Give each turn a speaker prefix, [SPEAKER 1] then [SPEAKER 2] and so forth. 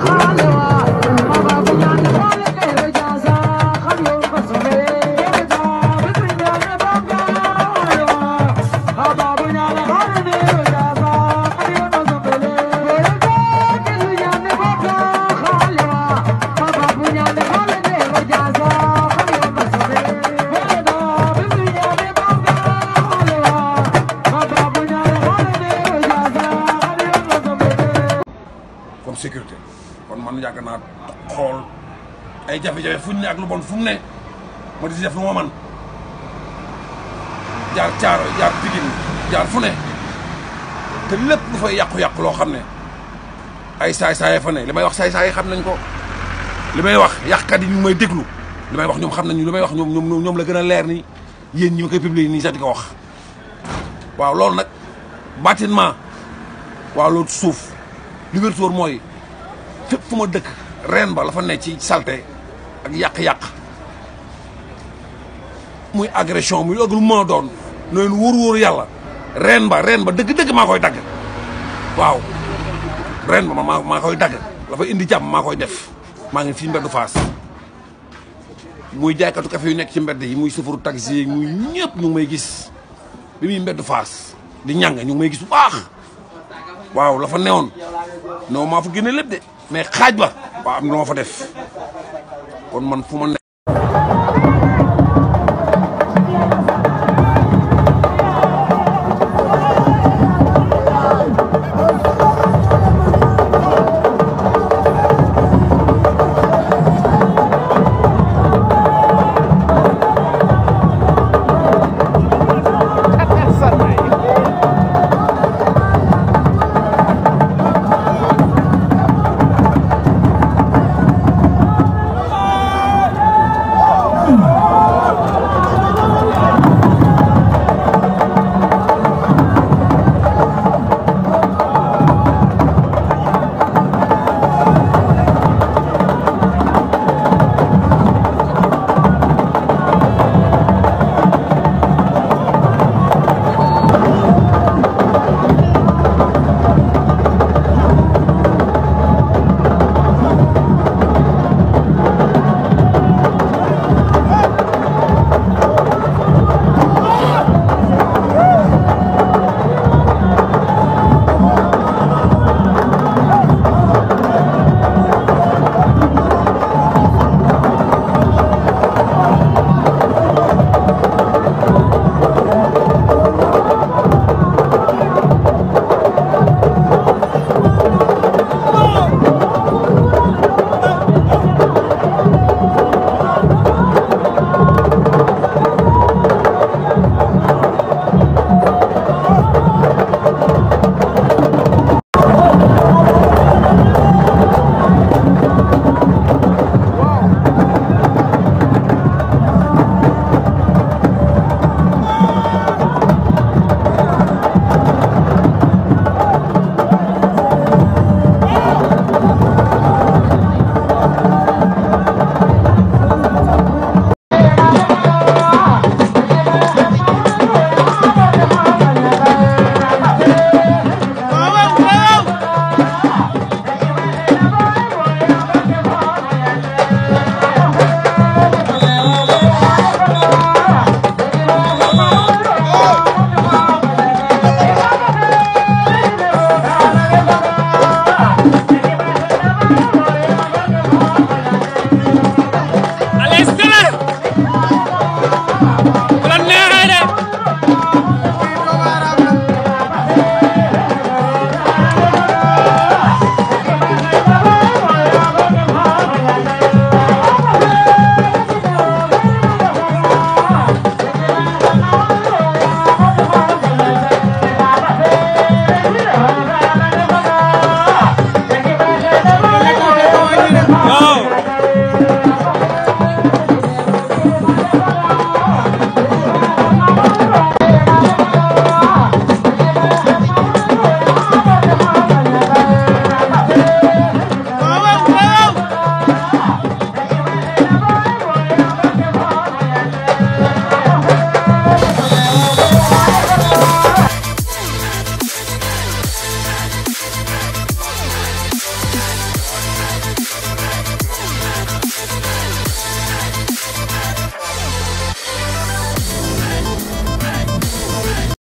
[SPEAKER 1] خالوا kon man yàgg naa xool ay jafe-jafe fuñ ne ak lu bon fu mu ne ma di si def lu ma man jaar caaro jaar pigin jaar fu ne te lépp lu fa yàqu-yàqu loo xam ne ay saay-saay fa ne li may wax saay-saay xam nañ ko li may wax yàqkat yi ñu may déglu li may wax ñoom xam nañu li may wax ñoom ñoom ñoom la gën a leer ni yéen ñi ma koy publier nii sax di ko wax waaw lool nag bâtiment waaw loolu suuf li wér mooy fépp fuma dekk dëkk reen ba la fa ne ci salté ak yak yak muy agression muy ak lu mën a doon noonu wor wor yalla reen ba reen ba dëgg-dëgg maa koy dagg waaw reen ba ma maa koy dagg la fa indi jam maa koy def ma ngi fi mbeddu fas muy jaaykatu café yu nek ci mbedd yi muy sufuru taxi muy ñepp ñu may gis bi mi mbeddu fas di ñang ñu may gis bu baax waaw la fa newoon non maa fa génne lépp de mais xaaj ba waaw am na ma fa def kon man fu ma ne Oh!